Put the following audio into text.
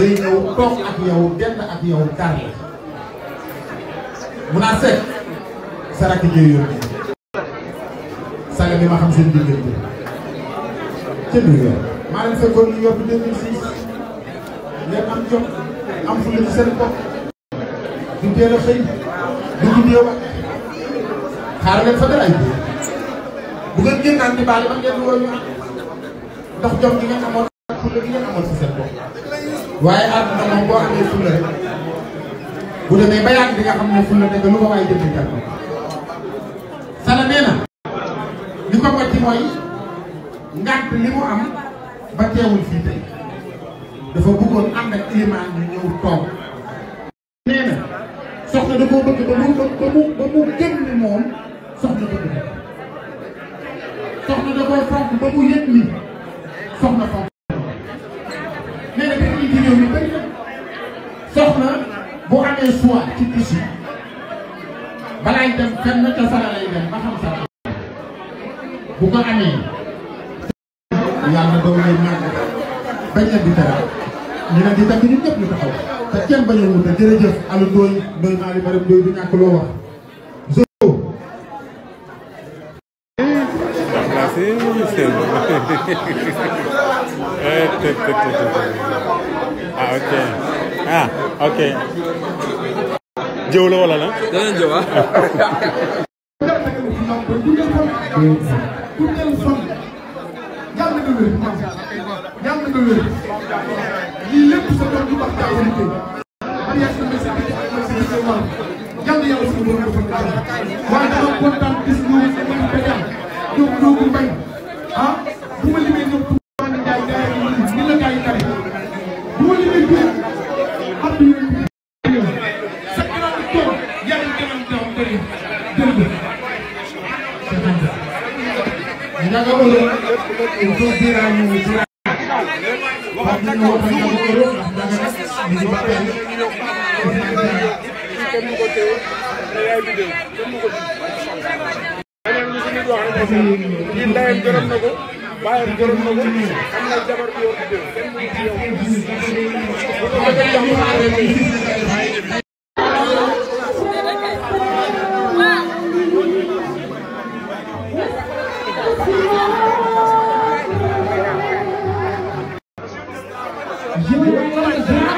day ñëw toog ak yow dend ak yow kar mun a seet sa rakk jëy yóbbu saga bi ma xam seen diggante ca New York maa leen fekkoon New York 2006 ngeen am jot am fu leen seen bopp du teel a xëy du guddee wax xaar ngeen fa dara ay bu ngeen génnaan di baale ba ngeen woo ñu am jom gi ngeen amoon ak fulla gi ngeen amoon si seen bopp waaye àdduna moom boo amee fulla rek bu demee ba yàgg xam ne fulla dëgg lu ko waay jënd jar sala li ko ko ci mooy ngànt li mu am ba teewul fii tey dafa bëggoon ànd ak ilimaan ñu ñëw toog nee soxna da koo bëgg ba mu ba mu gën ni moom soxna bëgg soxna da koo fonk ba mu yëg ni soxna fonk réew yu bëri soxna bu amee choix ci kisi balaay dem fenn ca sara lay dem ba xam bu ko lay bañ di teral ñu di tagg ñun ñëpp ñu taxaw te kenn bañ alu ndooy ndooy maa li marim du ñàkk loo wax Este, ah ok ah ok. jëw la wala la. danañ jëw ah. waaye dama kontaan jërëjëf ña nga Europe il faut dire à ñu ci wax ñu ñu wax ña nga Europe ndax ña nga nag ñu ba tey kii ndeyam gërëm na ko bàyyam gërëm na ko am na jabar bi yor di jël kenn mu ci yow human